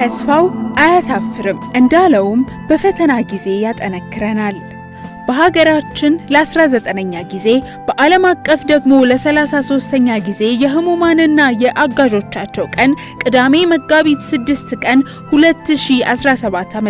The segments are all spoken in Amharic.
ተስፋው አያሳፍርም እንዳለውም በፈተና ጊዜ ያጠነክረናል። በሀገራችን ለ19ኛ ጊዜ በዓለም አቀፍ ደግሞ ለ33ኛ ጊዜ የህሙማንና የአጋዦቻቸው ቀን ቅዳሜ መጋቢት 6 ቀን 2017 ዓ ም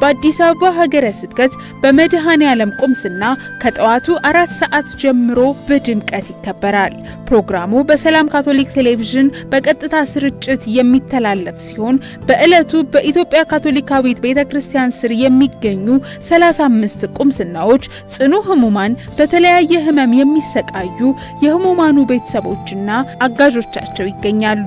በአዲስ አበባ ሀገረ ስብከት በመድኃኔ ዓለም ቁምስና ከጠዋቱ አራት ሰዓት ጀምሮ በድምቀት ይከበራል። ፕሮግራሙ በሰላም ካቶሊክ ቴሌቪዥን በቀጥታ ስርጭት የሚተላለፍ ሲሆን በዕለቱ በኢትዮጵያ ካቶሊካዊት ቤተ ክርስቲያን ስር የሚገኙ 35 ቁምስና ሙስናዎች፣ ጽኑ ህሙማን፣ በተለያየ ህመም የሚሰቃዩ የህሙማኑ ቤተሰቦችና አጋዦቻቸው ይገኛሉ።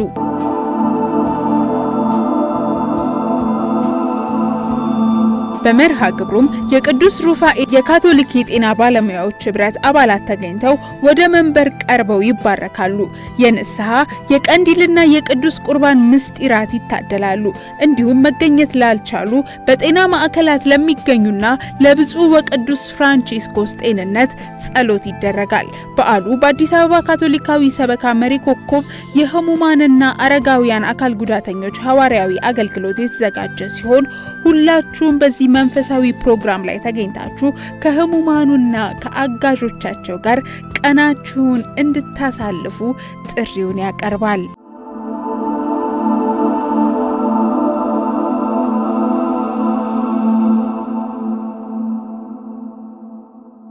በመርሃ ግብሩም የቅዱስ ሩፋኤል የካቶሊክ የጤና ባለሙያዎች ህብረት አባላት ተገኝተው ወደ መንበር ቀርበው ይባረካሉ። የንስሐ የቀንዲልና የቅዱስ ቁርባን ምስጢራት ይታደላሉ። እንዲሁም መገኘት ላልቻሉ በጤና ማዕከላት ለሚገኙና ለብፁዕ ወቅዱስ ፍራንቺስኮስ ጤንነት ጸሎት ይደረጋል። በዓሉ በአዲስ አበባ ካቶሊካዊ ሰበካ መሪ ኮከብ የህሙማንና አረጋውያን አካል ጉዳተኞች ሐዋርያዊ አገልግሎት የተዘጋጀ ሲሆን ሁላችሁም በዚህ መንፈሳዊ ፕሮግራም ላይ ተገኝታችሁ ከህሙማኑና ከአጋዦቻቸው ጋር ቀናችሁን እንድታሳልፉ ጥሪውን ያቀርባል።